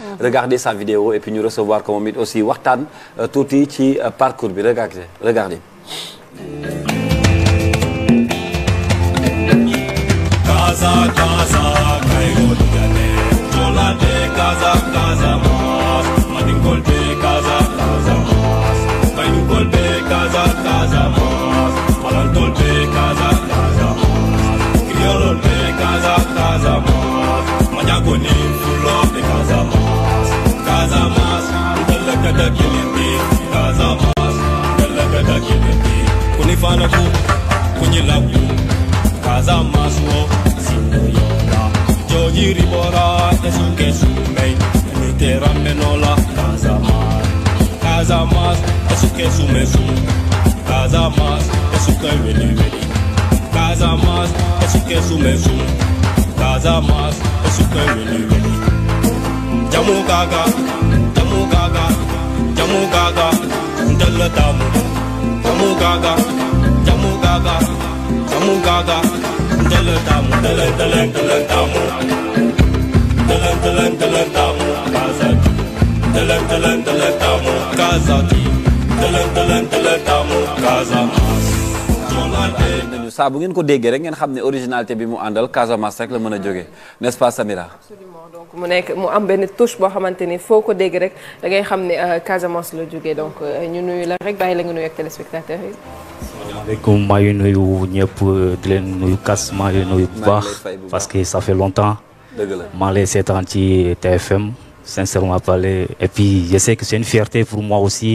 Mhm. regarder sa vidéo et puis ñu recevoir ko moom it aussi waxtaan euh, touti ci euh, parcours bi regardez regardez. Gaza, kilindi Casamance gëllëgëda kilindi ku ni faana ku ku ñi labbu Casamance wo sinno yoola jooji ribora e sunke sumey ni te rammenola Casamance Casamance e suke sume sum Casamance e suke weli jamu gaga dalla damu jamu gaga jamu gaga jamu gaga dalla damu dalla dalla dalla damu dalla dalla dalla damu kazati dalla dalla dalla damu kazati dalla dalla dalla damu kazati nañu saa bu ngeen ko déggee rek ngeen xam ne originalité bi mu àndal Casamance rek la mën a jógee n'est-ce pas donc mu nekk mu am benn touche boo xamante ni foo ko dégg rek dangay xam ne euh, Casamance la jógee donc euh, ñu nuyu la rek bàyyi la nga nuyu ak téléspectateurs yi asalaamaaleykum nuyu ñëpp di leen nuyu kas maa nuyu bu baax parce que ça fait longtemps maa ngi lay seetaan ci TFM sincèrement parler et puis je sais que c'est une fierté pour moi aussi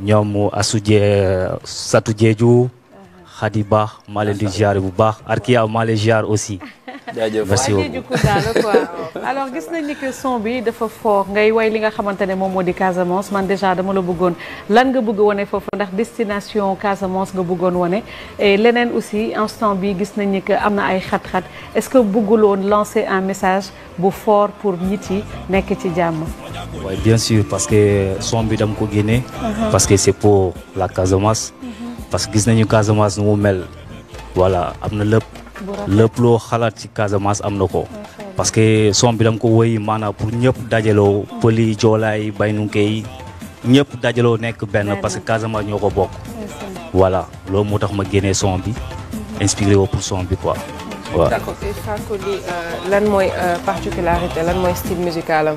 ñoom Assou Dié euh, Satou Diédiou uh-huh. Khady Ba maa leen di ziar bu baax Arkia maa leen ziar aussi. jaajëf merci beaucoup alors gis nañ ni que son bi dafa fort ngay way li nga xamante ne moom moo di Casamance man déjà dama la bëggoon lan nga bëgg wone foofu ndax destination Casamance nga bëggoon wane. leneen aussi instant bi gis nañ ni que am na ay xat-xat est-ce que bëgguloon lancer un message bu fort pour nit yi nekk ci jàmm. Oui, bien sûr, parce que son bi dama ko génne. Uh-huh. parce que c' est pour la Casamance. Uh-huh. parce que gis nañu Casamance nu mu mel. voilà am na lépp. lépp loo xalaat ci Casamance am na ko. parce que son bi dama ko woy maanaam pour ñëpp dajaloo. Uh-huh. pël yi joolaa yi baynunke yi ñëpp dajaloo nekk benn parce que Casamance ñoo ko bokk. voilà loolu moo tax ma génnee son bi. inspiré wu pour son bi quoi. waaw euh, euh, particularité lan mooy style musical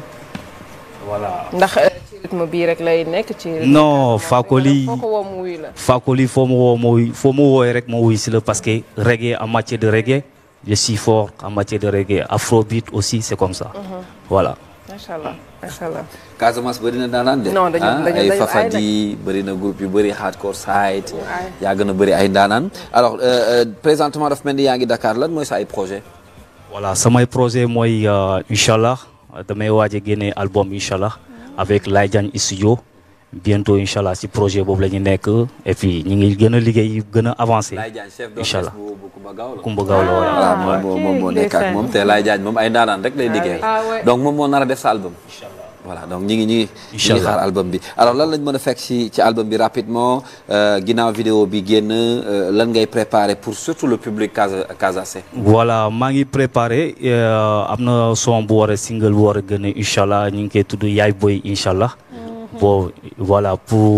voilà ndax euh, ci rythme bii rek nekk ci. non foo mu woo ma mu woowee rek ma wuy la parce que reggae a matière de reggae je suis fort en matière de reggae afrobeat aussi c'est comme ça. Mhm. voilà. Casamance bëri na de. Ah, ay Fafadi bëri groupe yu bëri hardcore side. yaa gën a bëri ay daanaan alors euh, euh, présentement daf mel ni Dakar lan mooy sa ay projet voilà samay projet mooy incha allah. damay waaj a génne album incha allah avec Laye Diagne studio bientôt si projet boobu la ñu nekk et ñu ngi gën a liggéey gën a avancé. incha allah Kumba Gaaw la wala ah, moom moo nekk ak ah, moom te Laye Diagne moom ay ndaanaan rek lay liggéey ah, donc moom moo nar a def sa album. voilà donc ñi ngi ñi ngi xaar album bi alors lan lañ mën a fekk ci ci album bi rapidement euh, ginnaaw vidéo bi génn euh, lan ngay préparer pour surtout le public casa casacé voilà maa ngi préparé euh, am na son bu war a single bu war a gën a incha allah ñu ngi koy tudd yaay boy incha allah mhm. bon pour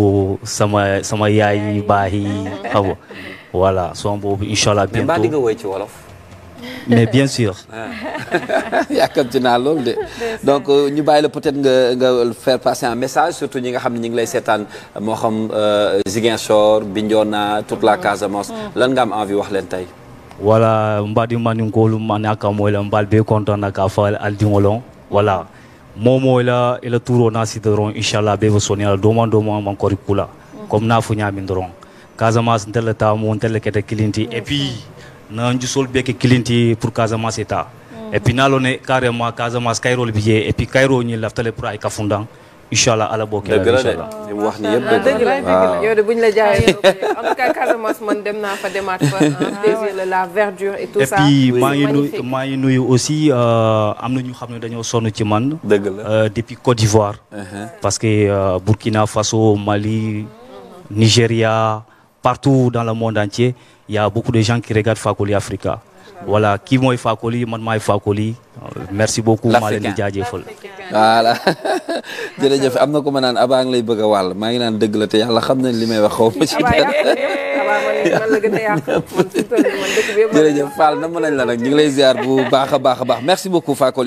sama sama yaay yu baax yi xam nga voilà son mais bien sûr. yàkkamti naa loolu de donc euh, ñu bàyyi la peut-être nga nga faire un message surtout ñi nga xam ne ñu ngi lay seetaan moo xam euh, Ziguinchor Bignona toute la mm-hmm. Casamance mm-hmm. lan nga am envie wax leen tey. voilà mbaɗi maninkolum manakamoyla mbal be contana ka fa aldingolon voilà momoyla ela turo nasi doron inchallah be ɓe soni ala doma doma mankori kula mm-hmm. comme na fo ñamin doron casamas ntelle tamo ntelle kete kilinti et na nju sol beke kilinti pour Casamance eta mm. et puis naalone carrément Casamance kayrol bi jee et puis kayro ñi laftale pour ay kafundan incha allah ala boo dëgg la de li mu wax nii yëpp ah, dëgg la waaw yow de bu ñu la jaayee en tout cas Casamance man dem naa fa demaat fa plaisir la ah, la verdure et tout ça. et puis maa ngi nuyu maa ngi nuyu aussi euh, am na ñu xam ne dañoo sonn ci man. dëgg la euh, depuis Côte d'Ivoire. Uh-huh. parce que euh, Burkina Faso Mali Nigéria. partout dans le monde entier, il y a beaucoup de gens qui regardent Fakoli Africa. Voilà, qui moi Fakoli, moi Fakoli. Merci beaucoup ma leen di jaajëfal. voilà jërëjëf am na ko ma naan abaa ngi lay bëgg a maa ngi naan dëgg la te yàlla xam nañ li may wax xaw ma ci dara. na eh, eh, mën nañ ñu ngi lay ziar bu baax a baax a baax merci beaucoup Fakoli.